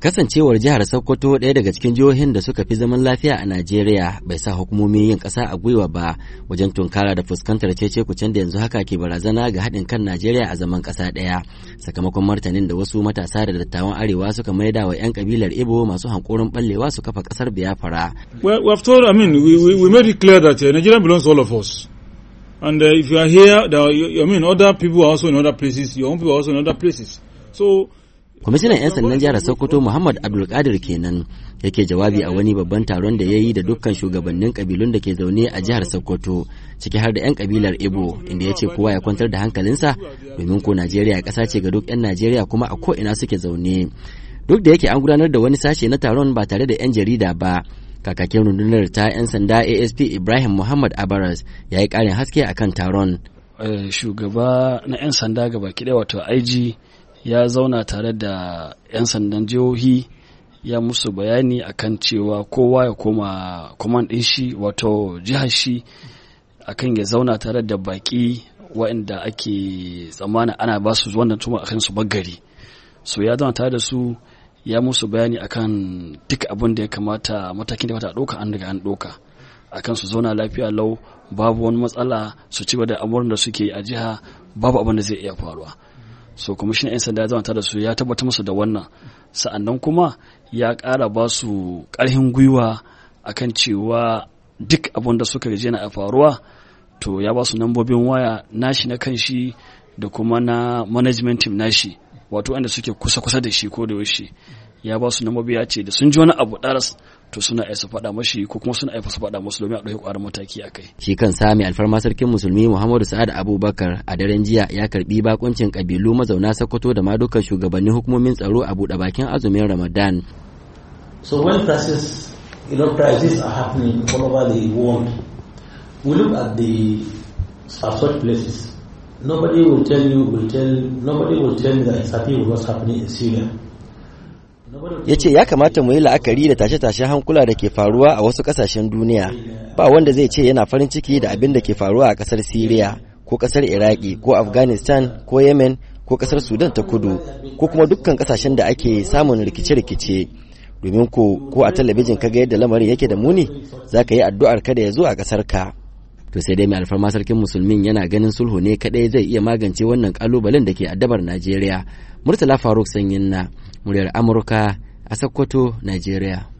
Kasancewar jihar Sokoto ɗaya daga cikin jihohin da suka fi zaman lafiya a Najeriya bai sa hukumomin yin ƙasa a gwiwa ba wajen tunkara da fuskantar cece kucen da yanzu haka ke barazana ga haɗin kan Najeriya a zaman ƙasa ɗaya sakamakon martanin da wasu matasa da dattawan arewa suka maida wa 'yan kabilar Ibo masu hankurin ballewa su kafa ƙasar Biafra. Well, we have told, I mean, we, we, we made it clear that uh, Nigeria belongs to all of us. And uh, if you are here, I mean, other people are also in other places, your own people are also in other places. So, kwamishinan 'yan sandan jihar sokoto muhammad abdulkadir kenan yake jawabi a wani babban taron da ya yi da dukkan shugabannin kabilun da ke zaune a jihar sokoto ciki har da 'yan kabilar ibo inda ya ce kowa ya kwantar da hankalinsa domin ko najeriya ƙasa ce ga duk 'yan najeriya kuma a ko ina suke zaune duk da yake an gudanar da wani sashe na taron ba tare da 'yan jarida ba kakakin rundunar ta 'yan sanda asp ibrahim muhammad abaras ya yi ƙarin haske akan taron eh, shugaba na 'yan sanda gaba ɗaya wato IG ya zauna tare da 'yan sandan jihohi ya musu bayani akan cewa kowa ya koma kwaman ɗin shi wato jihar shi akan ya zauna tare da baƙi waɗanda ake tsammanin ana ba su wannan tuma akan su bagari so ya zauna tare da su ya musu bayani akan duk abin da ya kamata matakin da ya kamata ɗauka an daga an ɗauka akan su zauna lafiya lau babu wani matsala su ci da amurin da suke a jiha babu abin da zai iya faruwa so kuma shi 'yan sanda ya zama da su ya tabbata musu da wannan sa'annan kuma ya kara ba su ƙarfin gwiwa akan cewa duk abin da suka gaji na faruwa to ya ba su nambobin waya nashi na kan shi da kuma na management team nashi wato wanda suke kusa-kusa da shi ko da yaushe ya ba su nambobi ya ce da sun ji wani abu ɗaras to suna aisa su faɗa mashi ko kuma suna iya su faɗa musu domin a ɗauki ƙwarar mataki a kai. Shi kan sami alfarma sarkin musulmi Muhammadu Sa'ad Abubakar a daren jiya ya karbi bakuncin kabilu mazauna Sokoto da ma dukkan shugabannin hukumomin tsaro a buɗe bakin azumin Ramadan. So when crisis, you know, crisis are happening all over the world, we look at the such places. Nobody will tell you, will tell, nobody will tell you that exactly what's happening in Syria. ya ce ya kamata mu yi la'akari da tashe-tashen hankula da ke faruwa a wasu kasashen duniya ba wanda zai ce yana farin ciki da abin da ke faruwa a kasar syria ko kasar iraki ko afghanistan ko yemen ko kasar sudan ta kudu ko kuma dukkan kasashen da ake samun rikice-rikice domin ko ko a talabijin ka ga yadda lamarin yake da muni za ka yi addu'ar kada ya zo a kasar ka to sai dai mai alfarma sarkin musulmin yana ganin sulhu ne kadai zai iya magance wannan kalubalen da ke addabar najeriya murtala faruk sanyin na muryar amurka a Sokoto, Najeriya.